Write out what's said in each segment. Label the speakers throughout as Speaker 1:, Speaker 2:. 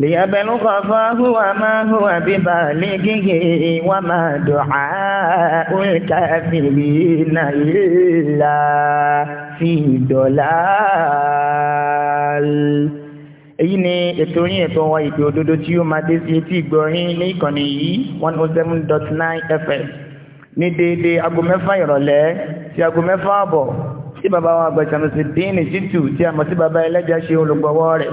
Speaker 1: ليبلغ فهو ما هو ببالغه وما دعاء الكافرين إلا في ضلال èyí ni ètò yín ètò wa ìpè òdodo tí ó máa dé sí etí ìgbọ̀rin ní ìkànnì yìí one oh seven dot nine fm ní déédéé aago mẹ́fà ìrọ̀lẹ́ sí aago mẹ́fà àbọ̀ tí bàbá wa àgbà Ṣàmùsídíìnì Ṣítù tí a mọ̀ sí bàbá ẹlẹ́jà ṣe olùgbọ̀wọ́ rẹ̀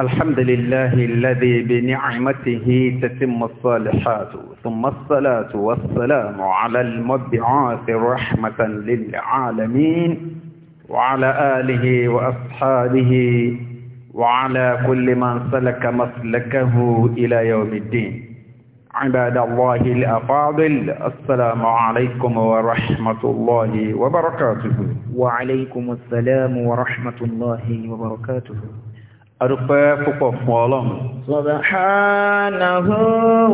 Speaker 2: الحمد لله الذي بنعمته تتم الصالحات ثم الصلاة والسلام على المبعوث رحمة للعالمين وعلى آله وأصحابه وعلى كل من سلك مسلكه إلى يوم الدين عباد الله الأفاضل السلام عليكم ورحمة
Speaker 1: الله وبركاته وعليكم السلام ورحمة الله وبركاته Adúpẹ́ púpọ̀ fún Ọlọ́run. Subhanahu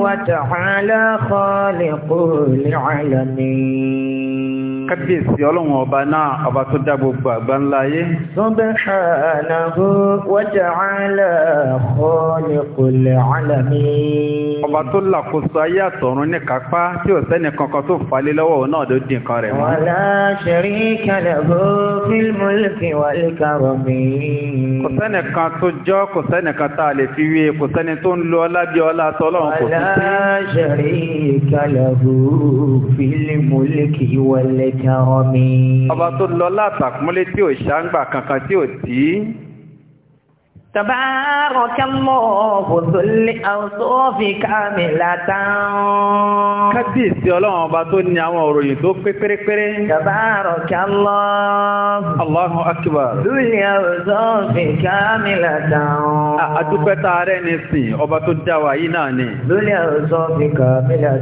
Speaker 1: wa ta'ala khaliqul alamin
Speaker 2: kábíyèsí ọlọ́run ọba náà ọba tó dá gbogbo àgbá ńlá ayé.
Speaker 1: subhanahu wa ta'ala khaliqul alamin.
Speaker 2: ọba tó làkóso ayé àtọ̀run ní kápá tí ò sẹ́ni kankan tó falẹ̀ lọ́wọ́ náà ló di nǹkan rẹ̀ mọ́. wala
Speaker 1: sharika lahu fil mulki wal karami. kò
Speaker 2: sẹ́ni kan tó jọ kò sẹ́ni kan tá a lè fi wé kò sẹ́ni tó ń lo ọlá ọlá tọ́lọ́run
Speaker 1: والكرم
Speaker 2: ọba tó lọ látàkúnlé tí ò ṣàǹgbà kankan tí ò tí
Speaker 1: تبارك الله ذو الأوصاف كاملة
Speaker 2: kábíyèsí ọlọ́run ọba tó ní àwọn òròyìn tó pé pérépéré.
Speaker 1: تبارك الله.
Speaker 2: Allahu akbar. ذو
Speaker 1: الأوصاف كاملة.
Speaker 2: àdúpẹ́ tààrẹ́ ni sìn ọba tó dá wa yìí náà ni. ذو
Speaker 1: الأوصاف كاملة.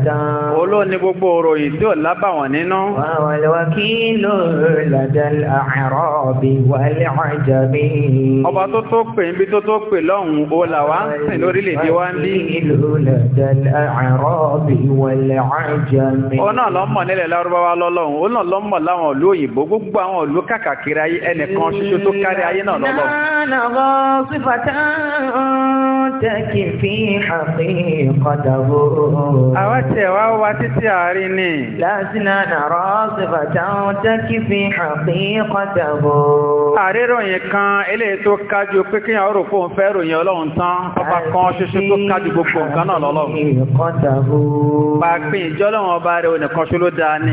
Speaker 2: olóòní gbogbo òròyìn tí ò lábàwọ̀n nínú.
Speaker 1: والوكيل لدى الأعراب والعجم.
Speaker 2: ọba tó tó pè ibi tó tó pè lọ́hùn ó là wá ń sìn lórílẹ̀-èdè wa ń bí. ó náà lọ mọ̀ nílẹ̀ lárúbáwá lọ́lọ́hùn ó náà lọ mọ̀ láwọn ìlú òyìnbó gbogbo àwọn ìlú kàkàkiri ayé ẹnìkan ṣoṣo tó kárí ayé náà lọ́lọ́hùn
Speaker 1: tẹ́kì fi haqiqatahu. Àwọn tí ẹ̀wà wá títí àárín ni. Lásìnà nàrọ̀ sífàtà tẹ́kì fi haqiqatahu. Àrírò yìí kan eléyìí tó
Speaker 2: kájú pé kí àwọn òròfò ń fẹ́ ròyìn ọlọ́run tán, ọba kan ṣoṣo tó kájú gbogbo nǹkan náà lọ́lọ́run.
Speaker 1: Bá a pín ìjọ́ lọ́wọ́ ọba rẹ̀ ò nìkan ṣó ló dáa ni.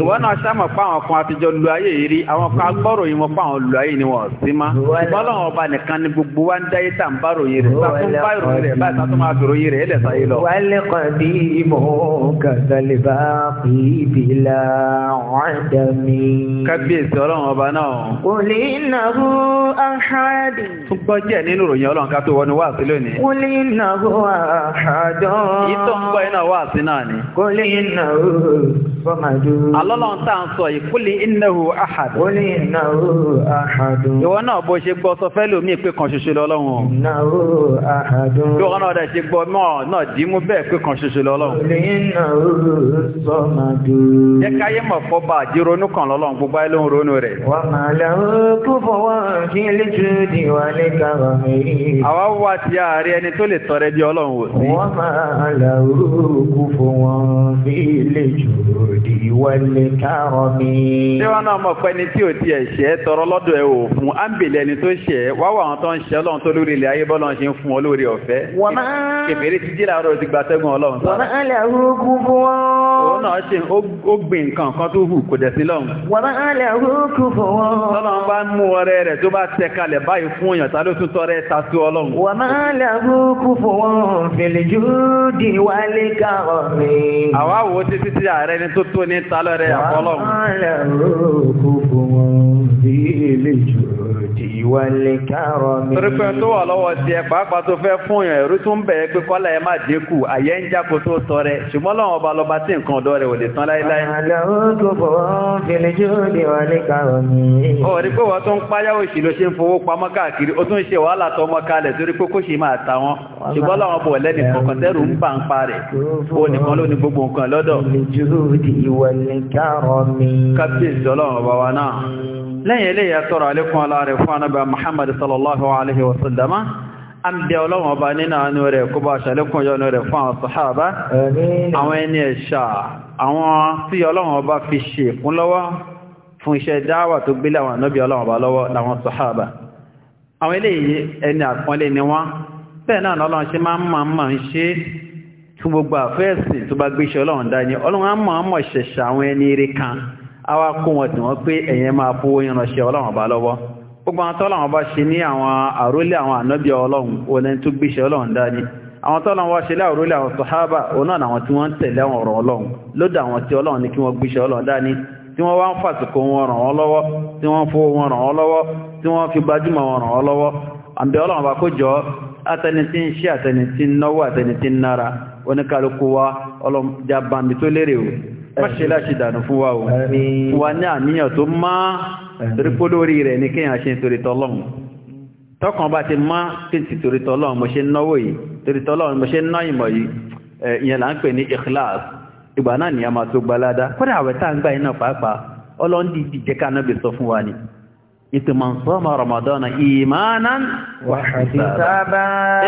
Speaker 1: Ìwọ náà ṣàmọ̀
Speaker 2: pé àwọn kan àtijọ́ lu ayé yìí rí, àwọn kan gbọ́ròyìn sọ pé àwọn olùlọ yìí ni wọ́n sí má ìbọ́lọ́wọ́ ọba nìkan ni gbogbo wa ń dáyé tà ń bá ròyìn rẹ̀ bá tún bá ìròyìn rẹ̀ bá tún máa fi ròyìn rẹ̀ ẹ̀lẹ́sà yìí lọ. wálé
Speaker 1: kan bí ìmọ̀ kàtàlẹ́ bá fi ìbílà ọ̀dà mi.
Speaker 2: kábíyèsí ọlọ́run ọba náà.
Speaker 1: kò lè nàró àhádì.
Speaker 2: tún gbọ́ jẹ́ nínú ròyìn ọlọ́run ká tó wọnú wá sí lónìí.
Speaker 1: kò lè nàró àhádọ́. ìtọ́ ń gbọ́
Speaker 2: iná wá sí náà ni.
Speaker 1: kò lè nàró fọmàdù. alọ́lọ́run tá à ń sọ
Speaker 2: yìí kò lè ìnáwó àhádì. kò lè nàró ahadun. ìwọ náà bó ṣe gbọ́ sọ fẹ́ lómi pé kan ṣoṣo lọ́lọ́run. ìnáwó
Speaker 1: ahadun. bí wọn
Speaker 2: náà dẹ̀ ṣe gbọ́ náà náà dìímú bẹ́ẹ̀ pé kan ṣoṣo lọ́lọ́run.
Speaker 1: ìnáwó sọmadù. jẹ́ káyé mọ̀
Speaker 2: fọ́ bá àdìronú kan lọ́lọ́run gbogbo ayé ló ń ronú rẹ̀.
Speaker 1: wà á máa lọ kú fọwọ́ kí lójú di wà ní kàwá mi. àwa
Speaker 2: wá ti àárẹ̀ ẹni tó lè tọrẹ bí ọlọ́run wò sí. ṣé wọn náà mọ̀ pẹ́ni tí ò tiẹ̀ ṣẹ́ tọrọ lọ́dọ̀ ẹ o fún ámbìlẹ̀ ẹni tó ṣe wá wà àwọn tó ń ṣe ọlọ́run tó lórí ilẹ̀ ayé bọ́lọ́run ṣe ń fún ọ lórí ọ̀fẹ́ kẹfẹ́rẹ́ ti jìlá ọ̀rọ̀ ti gbàtẹ́gùn ọlọ́run sára. wọ́n títí ààrẹ ni tó tó ní talọ́rẹ̀ àfọlọ́run. wọ́n á lẹ̀
Speaker 1: hu kúkú ذي الجود والكرم torípé tó wà
Speaker 2: lọ́wọ́ ti ẹ pàápàá tó fẹ́ fún yàn ẹ̀rú tó ń bẹ̀ẹ́ pé kọ́lá ẹ má dínkù àyẹ́ ń jáko tó sọ rẹ ṣùgbọ́n lọ́wọ́ ọba lọ́ba tí nǹkan ọ̀dọ́ rẹ̀ ò tán láéláé.
Speaker 1: àlọ́ tó bọ̀
Speaker 2: fìlì wa náà lẹ́yìn ilé yẹ tọrọ alékún ọlá rẹ̀ fún anábà muhammad sallallahu alaihi wasallama an bẹ ọlọ́wọ̀n ọba nínú àánú rẹ̀ kó bá ṣàlékún yọnu rẹ̀ fún àwọn sàhábà àwọn ẹni ẹ̀ṣà àwọn tí ọlọ́wọ̀n ọba fi ṣe fún lọ́wọ́ fún iṣẹ́ dáwà tó gbélé àwọn ànábì ọlọ́wọ̀n ọba lọ́wọ́ láwọn sàhábà àwọn eléyìí ẹni àwa kó wọn tí wọ́n pé ẹ̀yẹn máa fowó ìránṣẹ́ ọlọ́run ọba lọ́wọ́ gbogbo àwọn tọ́lọ́run ọba ṣe ní àwọn àrólé àwọn ànábì ọlọ́run olẹ́ni tó gbéṣẹ́ ọlọ́run dání àwọn tọ́lọ́run wá ṣe láàrólé àwọn sàhábà òun náà àwọn tí wọ́n ń tẹ̀lé àwọn ọ̀rọ̀ ọlọ́run lọ́dọ̀ àwọn tí ọlọ́run ní kí wọ́n gbéṣẹ́ ọlọ́run dání tí wọ́n wá ń fàtìkò wọn máṣe láṣe dànù fún wa o wà ní àníyàn tó má torí pé lórí rẹ̀ ní kéèyàn ṣe nítorí tọ́lọ́hun tọkàn bá ti má kí n ti torí tọ́lọ́hun mo ṣe ń náwó yìí torí tọ́lọ́hun mo ṣe ń ná ìmọ̀ yìí ìyẹn là ń pè ní ikhlas ìgbà náà nìyẹn máa tó gbalada kódà àwẹ̀ tá à ń gbà yín náà pàápàá ọlọ́ndì ìjẹ́ká bè sọ fún wa ni ìtìmọ̀ sọ́mọ̀ ramadana ìmánan
Speaker 1: wàhásísábà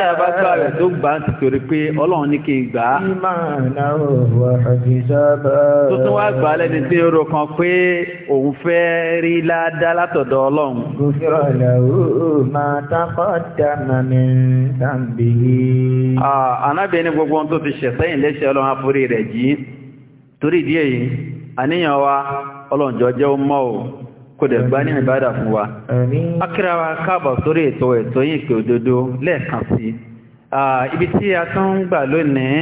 Speaker 1: ẹ bá gbà rẹ̀
Speaker 2: tó gbà ń tìtorí pé ọlọ́run ní kí n gbà á
Speaker 1: ìmánan wàhásísábà tó tún wá gbà lẹ́ni tí
Speaker 2: ó kan pé òun fẹ́ rí ládá látọ̀dọ̀ ọlọ́run. gòkèrò ìlàwó máa
Speaker 1: tápọ̀ dáná ní tàbí.
Speaker 2: anábìíní gbogbo ohun tó ti ṣẹ̀ sẹ́yìn lẹ́sẹ̀ ọlọ́run àforí rẹ̀ jí torí ìdí èyí àníyàn wa ọlọ́run jọ jẹ́ ó mọ́ ò kò dẹ̀ gbá ní ìbádà fún wa. Akíra wa káàbọ̀ sórí ètò ètò yìí pé òdodo lẹ́ẹ̀kan sí. Ibi tí a tún ń gbà lónìí,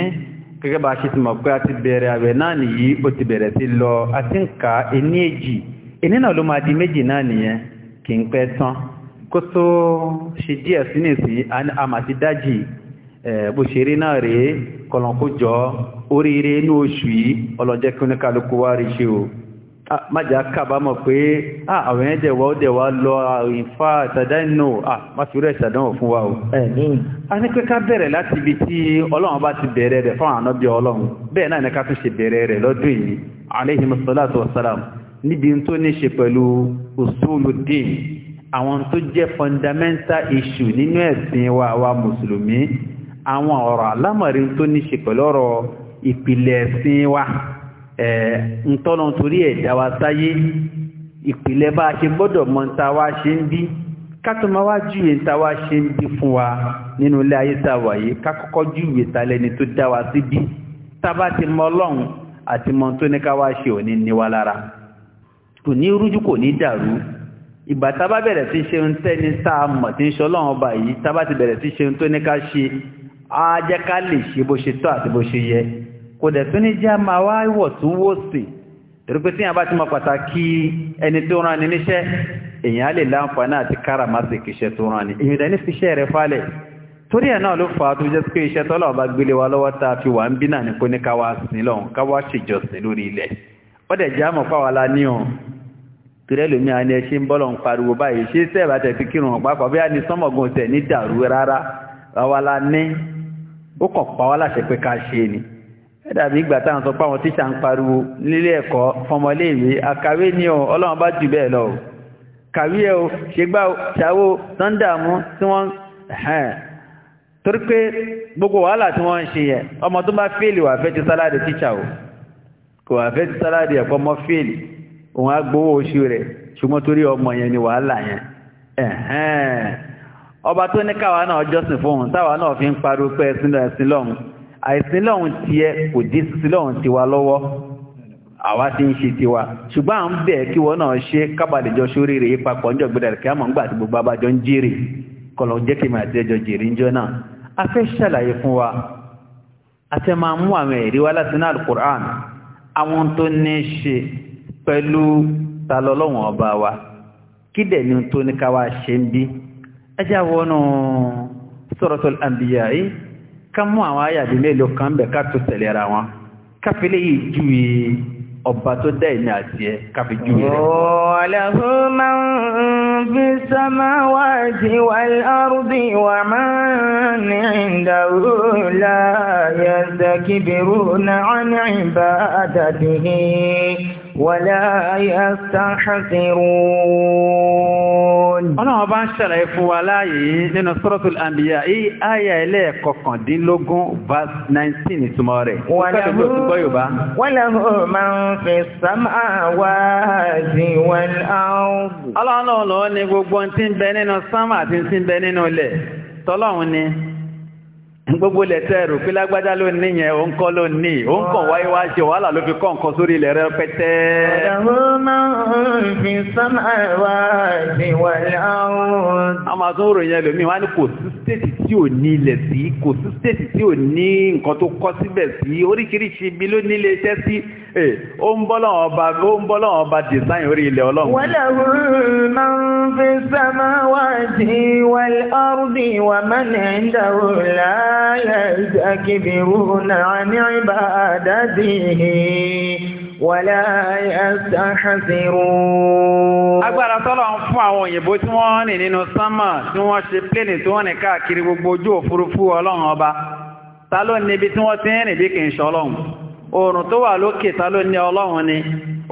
Speaker 2: gẹ́gẹ́ bá a ṣe ti mọ̀ pé a ti bẹ̀rẹ̀ àwẹ̀ náà nìyí, ó ti bẹ̀rẹ̀ sí lọ, a ti ń ka ení èjì. Ení náà ló máa di méjì náà nìyẹn, kì ń pẹ́ tán. Kó tó ṣe díẹ̀ sí nìsí, a máa ti dájì bó ṣe rí náà rèé, kọ̀lọ̀kójọ, oríire inú oṣù yìí, ọlọ́jẹ́ kí oníkálukú wá rí ṣe o. Ah, májá kábàámọ̀ pé ah, àwọn ẹ̀yẹn dẹ̀wà ó dẹ̀wà lọ ìfà ìsàdánù àmásíwúrẹ̀ ìsàdánù fún wa o. a ní pé ká bẹ̀rẹ̀ láti ibi tí ọlọ́run bá ti bẹ̀rẹ̀ rẹ̀ fún ànábì ọlọ́run bẹ́ẹ̀ náà ní ká tún ṣe bẹ̀rẹ̀ rẹ̀ lọ́dún yìí alayhi salatu wassalam níbi tó ní ṣe pẹ̀lú usuluddin àwọn tó jẹ́ fundamental issue nínú ẹ̀sìn wa wa mùsùlùmí àwọn ọ̀rọ̀ alámọ̀rin tó ní ṣe pẹ̀lú ọ̀rọ̀ ìpìlẹ̀ ẹ̀sìn wa ntọ́nà torí ẹ̀dá wa sáyé ìpìlẹ̀ bá a ṣe gbọ́dọ̀ mọ ń ta wá ṣe ń bí kátó máa wá júwe ń ta wá ṣe ń bí fún wa nínú ilé ayé tá a wà yìí ká kọ́kọ́ júwe ta lẹni tó dá wa sí bí tá ti mọ ọlọ́run àti mọ tó ní ká wá ṣe òní ní wa lára kò ní rújú kò ní dàrú ìgbà tá bẹ̀rẹ̀ sí ṣe ń tẹ́ni tá a mọ̀ tí ń ṣe ọlọ́run ọba yìí tá ti bẹ̀rẹ̀ sí ṣe ń tó ní ká ṣe á jẹ́ ká lè ṣe bó ṣe tọ́ àti bó ṣe yẹ kò dẹ̀ tún ní jẹ́ máa wá ìwọ̀ tún wó sí ìrúpé tí yàn bá ti mọ pàtàkì ẹni tó rán ni níṣẹ́ èyàn lè láǹfààní àti káràmásì kìṣẹ́ tó rán ni èyàn dẹ̀ ní fiṣẹ́ rẹ̀ falẹ̀ torí ẹ̀ náà ló fà á tó jẹ́ pé iṣẹ́ tọ́lọ̀ bá gbélé wa lọ́wọ́ tá a fi wà ń bí náà ní kó ní káwá sí lọ́hùn káwá ṣèjọsìn lórí ilẹ̀ ó dẹ̀ jẹ́ àmọ̀ fáwa la ní o torí ẹlòmí àni ẹ ń bọ́lọ̀ ń pariwo báyìí ṣé sẹ́ẹ̀bà tẹ̀ fi kírun ọ̀pápá bí a ní sọ́mọ̀gùn tẹ̀ ní dàrú rárá àwa la ní ó kàn pa wá láṣẹ pé ká ṣe ni ẹ̀dàbí ìgbà táwọn sọ páwọn tíṣà ń pariwo nílé ẹ̀kọ́ fọmọléèwé àkàwé ní ọ ọlọ́run bá jù bẹ́ẹ̀ lọ o kàwé ẹ o ṣègbà ṣàwó sọ́ńdàmú tí wọ́n ẹ̀hẹ́n torí pé gbogbo wàhálà tí wọ́n ń ṣe yẹn ọmọ tó bá fèèlì wà fẹ́ ti sáláàdì tíṣà o kò wà fẹ́ ti sáláàdì ẹ̀kọ́ mọ́ fèèlì òun á gbowó oṣù rẹ̀ ṣùgbọ́n torí ọmọ yẹn ni wàhálà yẹn ọba tó ní káwa náà jọ́sìn fóun táwa náà fi ń pariwo pé ẹ̀sìn lọ́hùn àìsílọ́hun ti ẹ kò dí sílọ́hun ti wa lọ́wọ́ àwa ti ń ṣe tiwa ṣùgbọ́n à ń bẹ̀ kí wọ́n náà ṣe kábàlẹ̀jọ sórí rẹ̀ yí papọ̀ ń jọ̀gbẹ́dà rẹ̀ kí á mọ̀ ń gbà tí gbogbo abájọ ń jèrè kọlọ̀ jẹ́ kí màá ti ẹjọ́ jèrè ń jọ náà a fẹ́ ṣàlàyé fún wa a fẹ́ máa mú àwọn ẹ̀rí wa láti náà alukur'an àwọn tó ní ṣe pẹ̀lú talọ́lọ́wọ̀n ọba wa kí dẹ̀ ni tó ní ká wá ṣe ń bí ẹ já wọnú Suratul Anbiya yìí ká mú àwọn ayàdé mélòó kan bẹ̀ ká tó tẹ̀lé ara wọn káfílẹ̀ yìí ju ọba tó dá ìní àti ẹ káfí ju rẹ̀.
Speaker 1: ọ̀làhó máa ń fi sámá wá sí wàlárùbí wà máa ní ìdáwó láyé ṣàkíbìrú náà ní ìbá àtàtìhìn. ولا يستحسرون ọlọ́run bá ń ṣẹlẹ̀
Speaker 2: fún wa láàyè nínú suratul anbiya yìí ayà ilẹ̀ kọkàndínlógún verse nineteen ìtumọ̀ rẹ̀
Speaker 1: walahu man fi samawati wal ard. ọlọ́run lọ́wọ́ ni gbogbo ti ń bẹ nínú sánmà àti
Speaker 2: gbogbo ilẹ̀ tẹ́ rò pé lágbájá ló ní yẹn òun kọ́ ló ní òun kàn wáyé wá ṣe wàhálà ló fi kọ́ nǹkan sórí ilẹ̀ rẹ pẹ́tẹ́. ọ̀dàwó máa
Speaker 1: ń fi sánmà wá ìwà
Speaker 2: láwọn. a máa tún rò yẹn lómi wá ní kò sí stéètì tí ò ní ilẹ̀ sí kò sí stéètì tí ò ní nǹkan tó kọ́ síbẹ̀ sí oríṣiríṣi ibi ló ní ilé iṣẹ́ sí ó ń bọ́ lọ́wọ́ ọba ó ń bọ́ lọ́wọ́ ọba design orí ilẹ̀ ọlọ́run. wàlàwó
Speaker 1: máa ń fi sánmà wá ìwà láwọn. لا يستكبرون عن عبادته ولا يستحسرون fún
Speaker 2: àwọn òyìnbó tí wọ́n rìn nínú sánmà tí wọ́n se pléènì tí wọ́n rìn káàkiri gbogbo ojú òfurufú ọlọ́run ọba ta ló tí wọ́n ti kì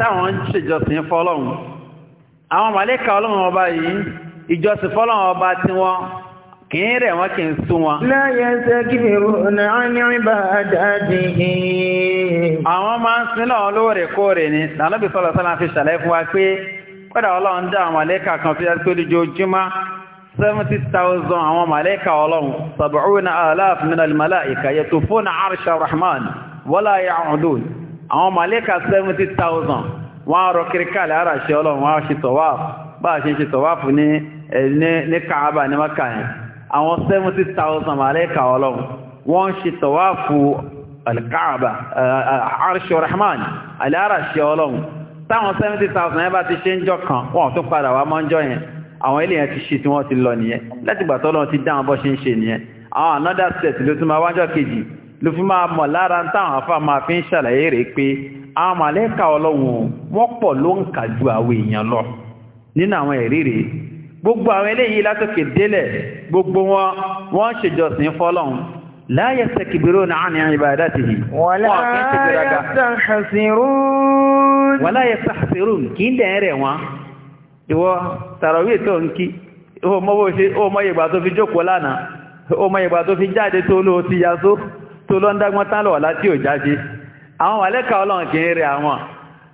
Speaker 2: táwọn ń ṣèjọsìn fọ́lọ́hun àwọn màlẹ́kà ọlọ́run ọba yìí ìjọsìn fọ́lọ́hun ọba tí wọ́n kì í rẹ̀ wọ́n kì í
Speaker 1: sún wọn. láyé sẹ́kìrò náà ní ìbádájì yìí.
Speaker 2: àwọn máa ń sin náà lóòrèkóòrè ni lànàbí sọ́lọ̀ àwọn màlẹ́kà 70,000 wọ́n rọ kíríkàlẹ̀ ara ṣe ọlọ́run wọ́n ṣe tọ̀wáàfù bá ṣe ṣe tọ̀wáàfù ní kàábà ní maka yẹn àwọn 70,000 màlẹ́kà ọlọ́run wọ́n ṣe tọ̀wáàfù alkaaba arṣe rahman alára ṣe ọlọ́run táwọn 70,000 yẹn bá ti ṣe ń jọ kan wọ́n tó padà wá mọ́ ń jọ yẹn àwọn another set ló tún máa ló fi máa mọ̀ lára táwọn afá máa fi ń ṣàlàyé rẹ̀ pé àwọn màlẹ́kà ọlọ́run wọ́n pọ̀ ló ń kà ju àwọn èèyàn lọ nínú àwọn ẹ̀rí rẹ̀ gbogbo àwọn eléyìí látòkè délẹ̀ gbogbo wọn wọ́n ṣèjọsìn fọ́lọ́run la yastakbiruna an ibadatihi
Speaker 1: wala yastahsirun
Speaker 2: wala yastahsirun kì í dẹ̀ rẹ̀ wọn ìwọ tàràwí tó ń kí ó mọ́ ìgbà tó fi jókòó lánàá ó mọ́ ìgbà tó fi jáde tó lóò ti yasó tó lọ́ndágbọ́n tán lọ́wọ́ láti òjáde àwọn màlẹ́kà ọlọ́run kì í àwọn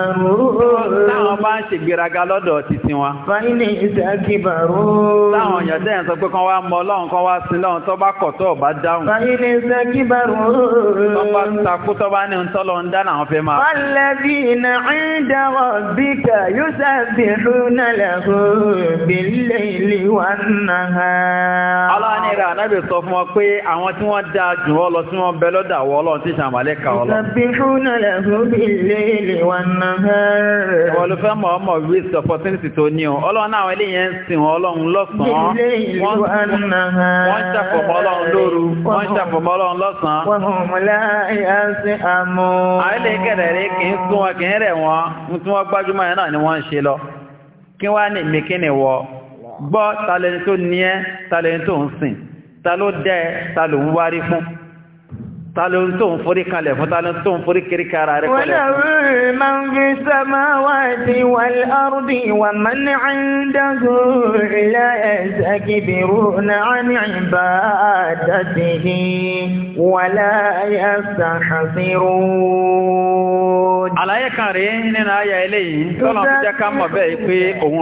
Speaker 2: ìsàkìbàrú. Táwọn bá ń ṣègbéraga lọ́dọ̀ títí wọn. Fáìlì ìsàkìbàrú. Táwọn èèyàn tẹ́yìn sọ pé kán wá mọ ọlọ́run kán wá sin lọ́run tó bá kọ̀ tó bá dáhùn. Fáìlì ìsàkìbàrú. Tó bá takú tó bá ní ń tọ́lọ
Speaker 1: ń dáná àwọn fẹ́ máa. Wàlẹ́bí iná ìdá ọ̀bíkà yóò ṣàbẹ̀rù náà lẹ́hùn náà. Ọlọ́run ìrà ànábì
Speaker 2: sọ fún wọn ọlọ́run tí ìṣàmàlẹ́ Wọ́n fẹ́ mọ̀ risk opportunity tó ní o. Ọlọ́run náà ilé yẹn sin ọlọ́run lọ́sàn-án. Wọ́n ṣàfọ̀mọ́ ọlọ́run lóru. Wọ́n ṣàfọ̀mọ́ ọlọ́run lọ́sàn-án. Wọ́n hùn mọ́
Speaker 1: á sí àmú.
Speaker 2: Àílé kẹ̀rẹ̀ ta ta تالنتون فريق عليه فتالنتون فريق كريك
Speaker 1: على وله من في السماوات والأرض ومن عنده لا يستكبرون عن عبادته ولا يستحصرون àlàyé kan rèé nínú ayà eléyìí tọ́lọ̀ fi jẹ́ ká mọ̀ bẹ́ẹ̀ pé
Speaker 2: òun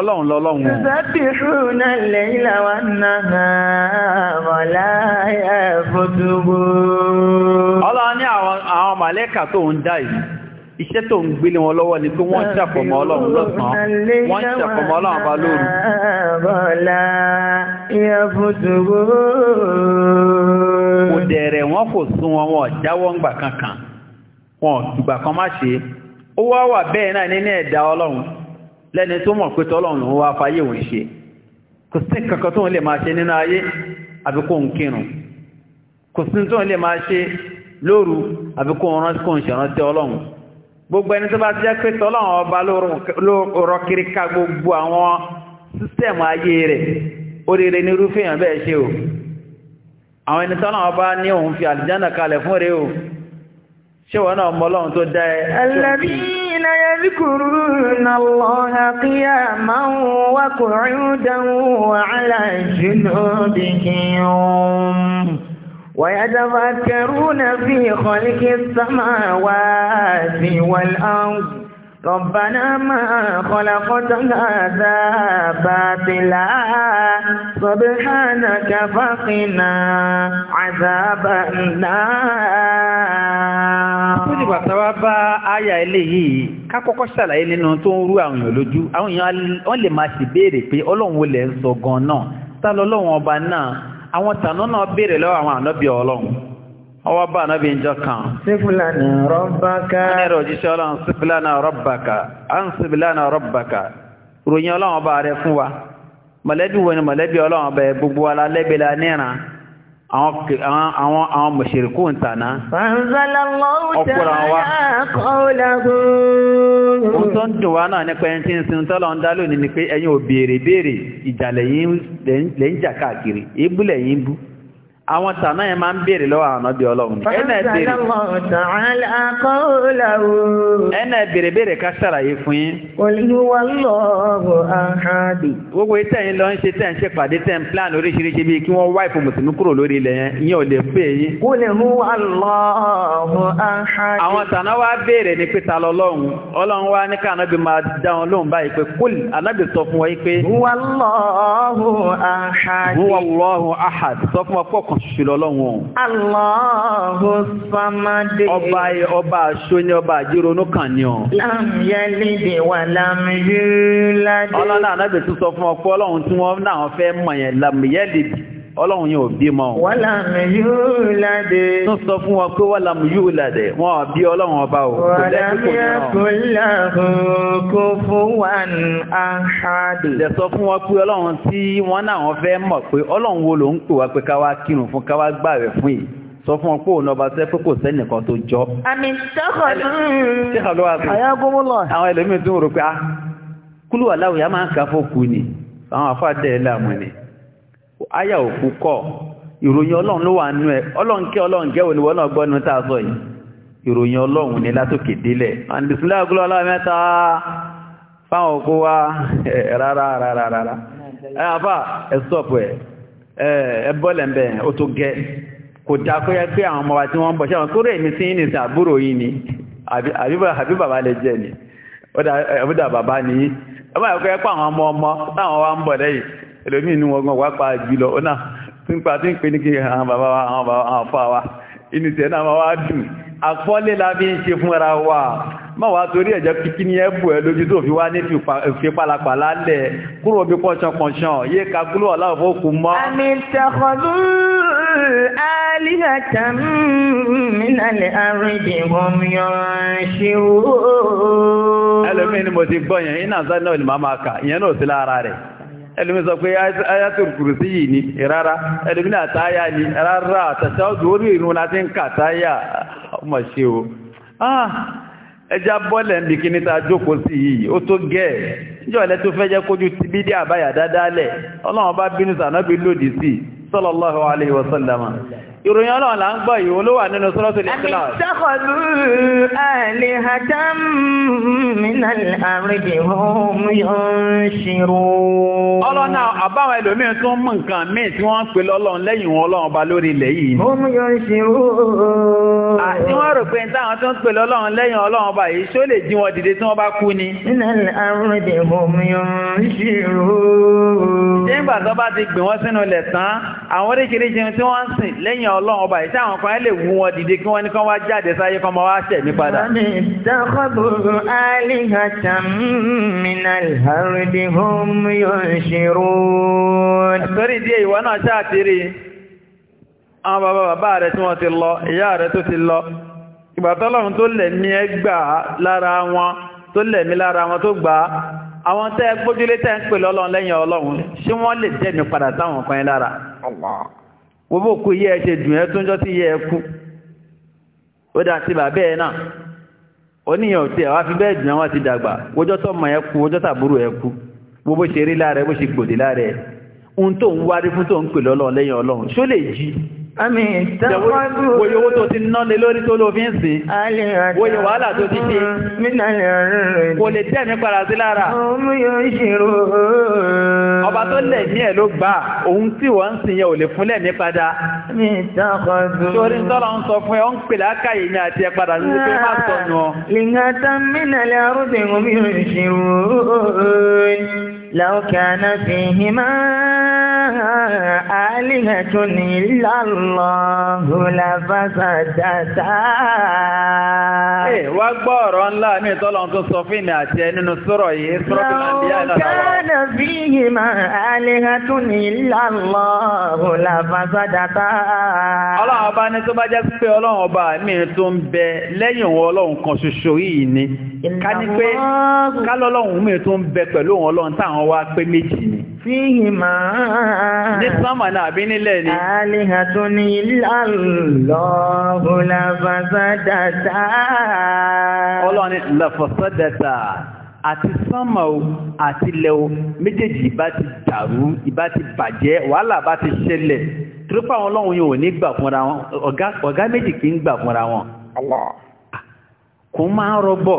Speaker 2: ọlọ́run lọ́lọ́run.
Speaker 1: ìsọ́bìrún alẹ́ ìlàwà náà wọ̀lá ẹ̀fọ́dúgbò. ọlọ́run ní àwọn màlẹ́kà
Speaker 2: tó ń dá yìí iṣẹ́ tó ń gbélé wọn lọ́wọ́ ni pé wọ́n ṣàfọ̀mọ́ ọlọ́run lọ́sàn-án
Speaker 1: wọ́n ṣàfọ̀mọ́
Speaker 2: ọlọ́run bá lóru.
Speaker 1: bọ́lá ìyàfùtùgbò. kò
Speaker 2: dẹ̀rẹ̀ wọn kò sún wọn wọn jáwọ́ ńgbà kankan. wọn ìgbà kan má ṣe ó wá wà bẹ́ẹ̀ náà nínú ẹ̀dá ọlọ́run lẹ́ni tó mọ̀ pé tọ́lọ́run ló wá fayé òun ṣe kò sí kankan tó ń lè máa ṣe nínú ayé àbí kó kírun kò sí tó ń lè máa ṣe lóru àbí kó ń ọlọ́run gbogbo gbogbo àwọn ṣé wọ́n náà
Speaker 1: mọ́lọ́run tó dá ẹ alladhina yadhkuruna Allaha qiyaman wa qu'udan wa 'ala junubihim ويتفكرون في خلق السماوات والأرض ربنا ما خلقت هذا باطلا سبحانك فقنا عذاب النار tó
Speaker 2: dìgbà tá wá bá àyà eléyìí ká kọ́kọ́ ṣàlàyé nínú tó ń rú àwọn èèyàn lójú àwọn èèyàn wọ́n lè máa sì béèrè pé ọlọ́run wo lẹ̀ ń sọ gan-an náà tá lọ́lọ́run ọba náà àwọn tànú náà béèrè lọ́wọ́ àwọn ànábì ọlọ́run ọwọ́ bá náàbí ìjọ kan sífìlànà rọ́bàkà ní ẹ̀rọ òjíṣẹ́ ọlọ́run sífìlànà rọ́bàkà án sífìlànà rọ́bàkà ròyìn ọlọ́run bá rẹ fún wa mọ̀lẹ́bí wo ni mọ̀lẹ́bí ọlọ́run bẹ gbogbo alálẹ́bẹ̀lá níran àwọn àwọn mọ̀ṣẹ̀rẹ̀kú ń tàná
Speaker 1: ọkùnrin àwọn ohun
Speaker 2: tó ń dùn wá náà nípa ẹni tí ń sin tọ́lọ ń dá lónìí ni pé ẹ̀yin ò béèrè béèrè ìjà lẹ́yìn jà káàkiri èébú lẹ́yìn bú àwọn tàná yẹn máa ń béèrè lọ́wọ́ àwọn ọ̀nàbí ọlọ́run ẹnà béèrè ẹnà béèrè béèrè ká ṣàlàyé fún yín. olùwà lọ́wọ́ àhàdì. gbogbo ìtẹ̀yìn lọ ń ṣe tẹ̀ ń ṣe pàdé tẹ̀ ń plan oríṣiríṣi bíi kí wọ́n wá ìfò mùsùlùmí kúrò lórí ilẹ̀ yẹn ìyẹn ò lè pè yín. olùwà àhàdì. àwọn tàná wá béèrè ní pété ṣùlọ lọ́wọ́n.
Speaker 1: Allahu Samad. Ọba ọba aṣọ ni ọba àjírònú kan ni ọ. Lam yalid wa lam yulad.
Speaker 2: Ọlọ́lá ànábì tún sọ fún ọpọ́ ọlọ́run tí wọ́n náà fẹ́ mọ̀ yẹn lam yalid ọlọ́run yóò bí mọ́ wọ́làm yóò ládé tó sọ fún wọn pé wọ́làm yóò ládé wọ́n bí ọlọ́run ọba ò kò lẹ́kùn kò náà
Speaker 1: kò fún wọn
Speaker 2: àhádì lẹ sọ fún wọn pé ọlọ́run tí wọ́n náà wọ́n fẹ́ mọ̀ pé ọlọ́run wo ló ń pè wá pé káwá kírun fún káwá gbààwẹ̀ fún yìí sọ fún ọpọ òun ọba sẹ pé kò sẹ́nìkan tó jọ.
Speaker 1: àmì sẹ́kọ̀ọ́
Speaker 2: ayágúnmọ́lọ̀. àwọn ẹlòmíín tún rò pé ah, kúlù aláwòyá máa ń kà fókù ni àwọn àfáà dẹ̀ ẹ́ ni. áyà òkú kọ́ ìròyìn ọlọ́run ló wà nú ẹ ọlọ́run kí ọlọ́run jẹ́ òníwọ́ náà gbọ́nu tá sọ yìí ìròyìn ọlọ́run ni látòkè délẹ̀ àǹdìsílẹ̀ ọgọ́lọ́ aláàmẹ́ta fáwọn òkú wa rárá rárá rárá ẹ àfà ẹ gẹ kò dá kó yẹ pé àwọn ọmọ wa tí wọ́n bọ̀ ẹlòmí inú ọgbọ̀n wá pa jùlọ ọ̀nà tí ń pa tí ń pè ní kí àwọn bàbá wa àwọn bàbá wa fà wá inú tẹ̀ náà wá dùn àpọ́lé la ń ṣe fúnra wa má wá torí ẹ̀jẹ̀ kíkí ní ẹ̀bù ẹ̀ lójú tó fi wá ní fi pàlàpàlà lẹ̀ kúrò bí pọ̀ṣọpọ̀ṣọ yé ka kúrò aláwọ̀ kù mọ́. àmì
Speaker 1: ìtàkọ̀dù àlìhàtà mìnàlẹ̀ àrídì
Speaker 2: ọmọyàn ṣe ó. ẹlòmíín ni mo ti gbọ́ yẹn iná sáré náà ni màá máa kà ìyẹn náà sí lára rẹ̀ ẹlùmí sọ pé ayatul kùrùsí yìí ni ìrárá ẹlùmí náà táyà ni rárá tàṣà ó dúró rí ìrún láti ń kà táyà ọmọ ṣe o ah, ẹjá bọ́ọ̀lẹ̀ ń bí kí níta jókòó sí yìí ó tó gẹ́ ẹ̀ níjọ́ ilẹ̀ tó fẹ́ jẹ́ kójú ti bí dé àbáyà dáadáa lẹ̀ ọlọ́run bá bínú sànábí lòdì sí sallallahu
Speaker 1: ìròyìn ọlọ́run là ń gbọ́ yìí olówà nínú sọ́lọ́tò lè kílà. àbísọ́kọ̀lù àlè hàtàm mìíràn àrídì hóm yóò
Speaker 2: ṣírò. ọlọ́run náà àbáwọn ẹlòmíín tún mú nǹkan míì tí wọ́n ń pè lọ́lọ́run lẹ́yìn wọn ọlọ́run ba lórí ilẹ̀ yìí.
Speaker 1: hóm yóò ṣírò. àti
Speaker 2: wọ́n rò pé táwọn tó ń pè lọ́lọ́run lẹ́yìn ọlọ́run ba yìí ṣó lè jí wọn dìde tí wọ́n bá kú ni.
Speaker 1: mìíràn àrídì hóm
Speaker 2: yóò ọlọ́run ọba yìí táwọn kan lè wú wọn dìde kí wọ́n ní kán wá jáde sáyé kán máa wá ṣẹ̀ padà.
Speaker 1: wọ́n lè dákọ̀bù alihata minal haridi hum yunshirun. díẹ̀ ìwọ náà ṣáà
Speaker 2: àwọn bàbá bàbá rẹ̀ tí wọ́n ti lọ ìyá rẹ̀ tó ti lọ ìgbà tọ́lọ́run tó lẹ̀mí ẹ gbà lára wọn tó lẹ̀mí lára wọn tó gbà àwọn tẹ́ gbójúlé tẹ́ ń pè lọ́lọ́run lẹ́yìn ọlọ́run ṣé wọ́n lè jẹ́ padà táwọn kan lára. Allah wo bó kú yẹ ṣe dùn ẹ tó ń jọ sí yẹ ẹ kú ó dá sí bàbá ẹ náà oníyàn tí ẹ wá fi bẹ́ẹ̀ dùn àwọn ti dàgbà wójọ́ tó mọ̀ ẹ kú wójọ́ tàbúrò ẹ kú wo ṣe rí lára bó ṣe gbòdì lára ohun tó ń wárí fún tó ń pè lọ́lọ́run lẹ́yìn ọlọ́run ṣó lè jí
Speaker 1: Àmì ìtàkọ́dù. Wòye owó tó
Speaker 2: ti ná lórí tó ló fi ń sí. Wòye wàhálà tó ti ṣe.
Speaker 1: Kò lè tẹ́ mi padà sí lára.
Speaker 2: Ọba tó lẹ̀ ní ẹ̀ ló gbà. Òun tí wọ́n ń sìn yẹn ò lè fúnlẹ̀ mi padà. Mi ìtàkọ́dù. Torí ń sọ fún ẹ, ó ń pè lákàyè ní àti ẹ padà sí pé má sọnù ọ.
Speaker 1: Lìngàtà mínà lẹ́ لو كان فيهما آلهة إلا الله làfàṣàdàtà. ẹ wá gbọ́
Speaker 2: ọ̀rọ̀ ńlá mi tọ́lọ́ tó sọ fún ìmì àti ẹ nínú sọ̀rọ̀ yìí sọ̀rọ̀ tó máa ń bí àlọ́. kánà
Speaker 1: fi yìí máa alihatun ìlànà làfàṣàdàtà.
Speaker 2: ọlọ́run ọba ní tó bá jẹ́ pé ọlọ́run ọba mi tó ń bẹ lẹ́yìn wọn ọlọ́run kan ṣoṣo yìí ni ká ní pé kálọ́lọ́run mi tó ń bẹ pẹ̀lú òun ọlọ́run táwọn wá pé méjì ni
Speaker 1: fíhìmá. Ní sánmà náà bí nílẹ̀ ni. Àlìhà tó ní ìlàlọ́hùn láfàsádàtà. Ọlọ́ni láfàsádàtà àti sánmà o àti ilẹ̀ o
Speaker 2: méjèèjì ìbá ti dàrú ìbá ti bàjẹ́ wàhálà bá ti ṣẹlẹ̀ torípa àwọn ọlọ́run yóò ní gbà fúnra wọn ọ̀gá méjì kì í gbà fúnra wọn. kò máa ń rọgbọ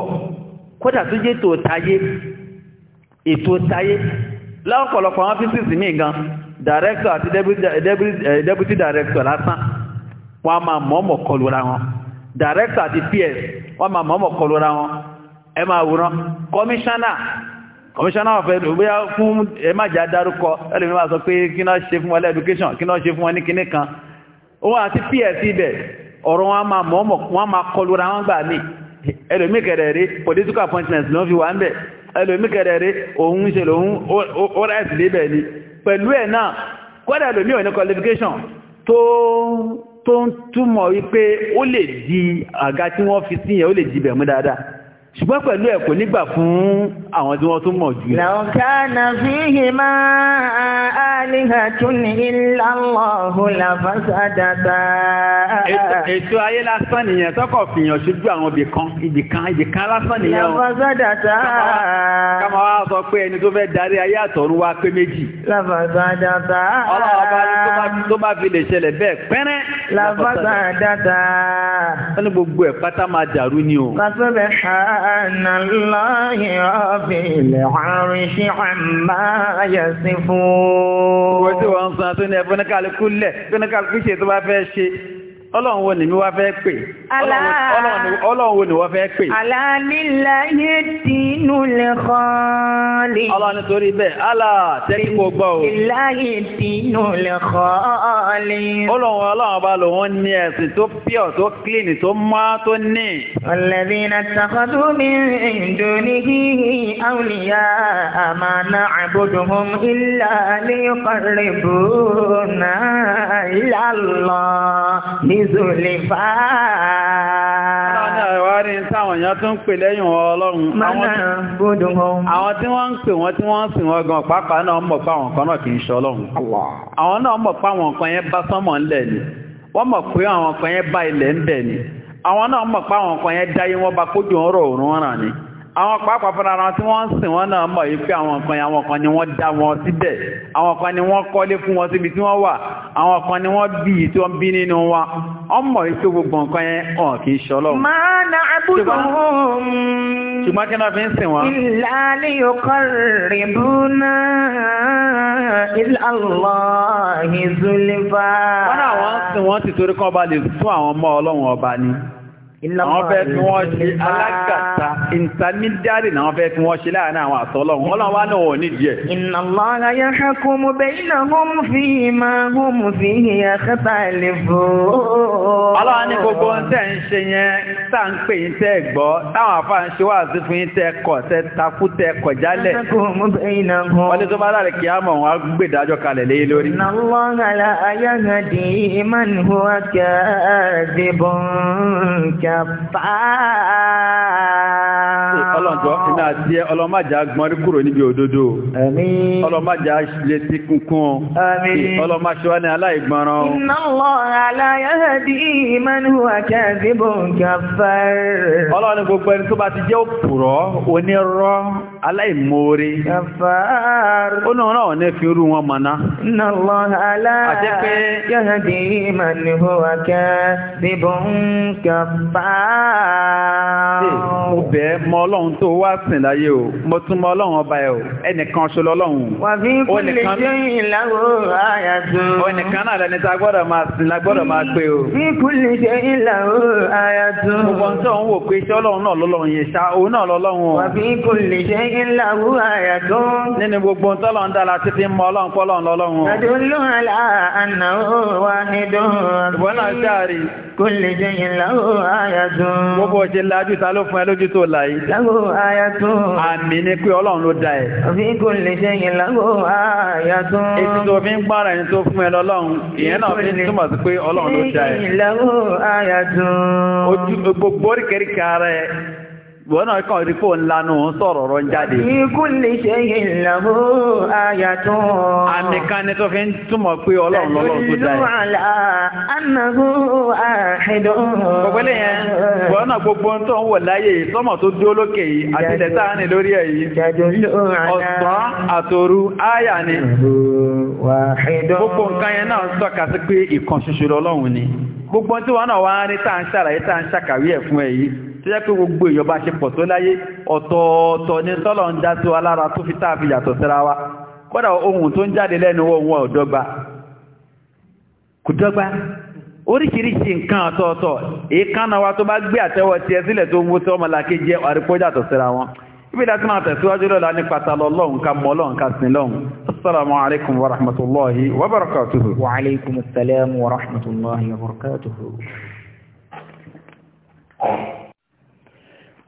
Speaker 2: kódà tó jẹ́ ètò táyé ètò táyé lọ́pọ̀lọpọ̀ àwọn físìsì míì gan director àti deputy eh, eh, director lásán wọ́n máa mọ̀ọ́mọ̀ kọlùra wọn director àti ps wọ́n máa mọ̀ọ́mọ̀ kọlùra wọn ẹ máa wòrán commissioner commissioner of ẹlòmíyà fún ẹ má jà dárúkọ ẹlòmíyà máa sọ pé kí náà ṣe fún wọn education kí náà ṣe fún wọn ní kinní kan òun àti ps ibẹ̀ ọ̀rọ̀ wọn máa mọ̀ọ́mọ̀ wọn máa kọlùra wọn gbà mí ẹlòmíkẹ̀rẹ̀ rí political appointments ló ń fi wà ń bẹ̀ ẹlòmí kẹrẹrẹ òun ṣe lòun ó ráìsì lébẹ̀ ni pẹ̀lú ẹ̀ náà kọ́dà ẹlòmí ò qualification tó tó ń túmọ̀ wípé ó lè di àga tí wọ́n fi síyẹn ó lè di bẹ̀mú dáadáa ṣùgbọ́n pẹ̀lú ẹ̀ kò nígbà fún àwọn tí wọ́n tún mọ̀ jù.
Speaker 1: lọ́kànà
Speaker 2: ayé lásán nìyẹn tọ́kọ̀ fìyàn ṣojú àwọn ibìkan ibìkan ibìkan lásán nìyẹn o. làfásádàtà. sọ pé ẹni tó fẹ́ darí ayé àtọ̀run wa pé méjì.
Speaker 1: làfásádàtà. ọlọ́run
Speaker 2: tó bá fi lè ṣẹlẹ̀ bẹ́ẹ̀ pẹ́rẹ́. làfásádàtà. wọ́n ní gbogbo ẹ̀ pátá máa dàrú ni o.
Speaker 1: làfásádàtà. سبحان الله رب العرش عما يصفون. wọ́n ti wọ́n sọ àtúndẹ̀ fúnikàlùkù lẹ̀ fúnikàlùkù
Speaker 2: ṣètò bá ọlọ́run wo ni mi wá fẹ́ pè ọlọ́run wo ni wọ́n
Speaker 1: fẹ́ pè. aláàlíláyé dínú lè kọ́ọ̀lì. ọlọ́run nítorí bẹ́ẹ̀ alá tẹ́kí kò gbọ́ o. ìláyé dínú lè kọ́ọ̀lì.
Speaker 2: ọlọ́run ọlọ́run bá lòun ní ẹ̀sìn tó pure tó clean tó mọ́ tó ní.
Speaker 1: ọ̀lẹ́dínà tàkọ́tù mi ìdò ní kí àwùlíyá àmà náà àbòdò hàn ilà ní kọ́rẹ́bù náà ilà lọ ìzòlèfà. Ìwárí
Speaker 2: táwọn èèyàn tún pè lẹ́yìn ọlọ́run. Àwọn tí wọ́n ń pè wọ́n tí wọ́n ń wọ́n gan pàápàá náà mọ̀ pé náà kì í Àwọn náà mọ̀ àwọn kan yẹn bá sánmọ̀ ńlẹ̀ ni. Wọ́n mọ̀ pé àwọn kan yẹn bá ilẹ̀ ni. Àwọn náà mọ̀ kan yẹn bá kójú àwọn pàápàá fúnra ara tí wọ́n ń sìn wọ́n náà mọ̀ yìí àwọn kan ni àwọn kan ni wọ́n dá wọn síbẹ̀ àwọn kan ni wọ́n kọ́lé fún wọn síbi tí wọ́n wà àwọn kan ni wọ́n bí i tí wọ́n bí nínú wa wọ́n mọ̀ yìí gbogbo nǹkan yẹn hàn kì ṣọlọ́
Speaker 1: ṣùgbọ́n náà fi ń sìn
Speaker 2: wọ́n ti torí kọ́ àwọn fẹ́ fi wọ́n ṣe alágàtà ìntàmídárì náà fẹ́ fi wọ́n ṣe láàrin àwọn àtọ́lọ́run ọlọ́run wá náà ní díẹ̀.
Speaker 1: Inna Allaha yahkumu baynahum fima hum fihi yakhtalifun. ọlọ́run ní gbogbo ń tẹ̀ ń ṣe yẹn tá ń pè yín tẹ́
Speaker 2: gbọ́ táwọn àfáà ń ṣe wà sí fún yín tẹ́ kọ̀ tẹ́ takú tẹ́ kọ̀ wọ́n tó bá láre kí á mọ̀ wọn á gbé ìdájọ́ kalẹ̀ lé lórí.
Speaker 1: nàlọ́ngàlà ayọ́gàdì imán huwa kẹ́ẹ̀dìbọn kẹfà. ọlọ́njọ́
Speaker 2: iná àti ẹ ọlọ́màjà gbọ́nrí kúrò níbi òdodo. ọlọ́màjà létí kunkun. ọlọ́màṣọ́ ni aláìgbọràn.
Speaker 1: nàlọ́ngàlà ayọ́gàdì imán huwa kẹ́ẹ̀dìbọn kẹfà kafar. ọlọ́run gbogbo ẹni tó bá ti jẹ́ òpùrọ́ onírọ́ aláìmoore ó náà náà
Speaker 2: ní fi rú wọn mọ̀ná
Speaker 1: àti pé yọ́nàdì ìmọ̀lẹ́hó akẹ́ bíbọ̀ ń kàfà
Speaker 2: ó bẹ́ mọ ọlọ́run tó wá sìn láyé o mo tún mọ ọlọ́run ọba ẹ̀ o ẹnìkan ṣọlọ ọlọ́run wà bí kò lè jẹ́ ìlàwó àyàtò ẹnìkan náà lẹni tá gbọ́dọ̀ máa sìn lágbọ́dọ̀ máa pé o
Speaker 1: bí kò lè jẹ́ ìlàwó àyàtò gbogbo ń
Speaker 2: tọ́ ń wò pé iṣẹ́ ọlọ́run náà lọ́lọ́run yẹn ṣá òun náà lọ́lọ́run o wà bí kò lè ìlà
Speaker 1: wúwa ẹ̀dọ́. Nínú
Speaker 2: gbogbo tọ́lọ̀ ń dára títí mọ́ ọlọ́run pọ́lọ̀ lọ́lọ́run. Àdúlù àlá
Speaker 1: àná wà nídùn. Ìwọ náà ṣáàrí. Kò lè jẹ ìlà wúwa
Speaker 2: ẹ̀dọ́. Gbogbo ọ̀jẹ̀ lajú ta ló fún ẹ lójú tó la yìí. Láwo ayatọ́. Àmì ni pé ọlọ́run ló da ẹ̀. Òbí kò lè jẹ ìlà wúwa ẹ̀dọ́. Èsì tó fi ń gbára ẹni tó fún ẹ lọ́lọ́run, ìyẹn náà fi túmọ̀ sí pé ọlọ́run ló da ẹ̀. Ìlà
Speaker 1: wúwa ẹ̀dọ́. Ojú gbogbo oríkèéríkèé ara
Speaker 2: wọ́n náà kàn rí fóun lanu ń sọ̀rọ̀ ọ̀rọ̀ ń jáde. ikú lè ṣe ìlàwó ayàtọ̀. àmì kan ni tó fi ń túmọ̀ pé ọlọ́run lọ́lọ́run tó dá yìí. lẹ́yìn
Speaker 1: àlá anago àhìdọ́. gbogbo lẹ́yìn wọ́n náà gbogbo
Speaker 2: tó ń wò láyé yìí sọ́mọ̀ tó dúró lókè yìí àti ilẹ̀ tá a ní lórí
Speaker 1: ẹ̀ yìí. ọ̀sán
Speaker 2: àtòru àyà ni.
Speaker 1: gbogbo nǹkan yẹn
Speaker 2: náà ń sí pé ìkan lọ́lọ́run ni. gbogbo tó yẹ pé gbogbo ìyọba ṣe pọ̀ tó láyé ọ̀tọ̀ọ̀tọ̀ ni tọ́lọ̀ ń dá sí wa lára tó fi táàfi yàtọ̀ síra wa kódà ohun tó ń jáde lẹ́nu wọn ò kò dọ́gba oríṣiríṣi nǹkan ọ̀tọ̀ọ̀tọ̀ èékánná wa tó bá gbé àtẹ́wọ́ tiẹ̀ sílẹ̀ tó ń wo tí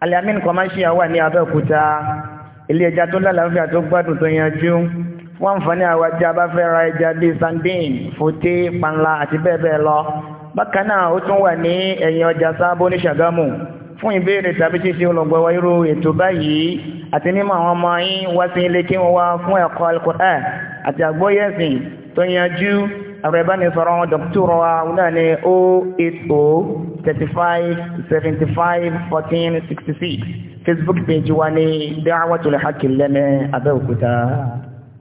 Speaker 1: Al-Yamin commercial wà ní Abẹ́òkúta ilé ẹja tó lálàáfíà tó gbádùn tó yanjú wọ́n ń fọ́ní àwọn ẹja bá fẹ́ ra ẹja bíi sandin fòté panla àti bẹ́ẹ̀ bẹ́ẹ̀ lọ bákan náà ó tún wà ní ẹ̀yìn ọjà sábó ní Ṣàgámù fún ìbéèrè tàbí ṣíṣe olùgbọ̀wọ́ irú ètò báyìí àti mímọ̀ àwọn ọmọ yín wá sí ilé kí wọ́n wá fún ẹ̀kọ́ àti àgbóyẹ̀sìn tó yanjú ẹ̀rọ ìbánisọ̀rọ̀ dọ̀kítọ̀rọ̀ wa òun náà ní o oh eight o oh thirty five seventy five fourteen sixty six facebook page wa ní Da'watul Haqq Lẹ́mẹ̀ Abẹ́òkúta.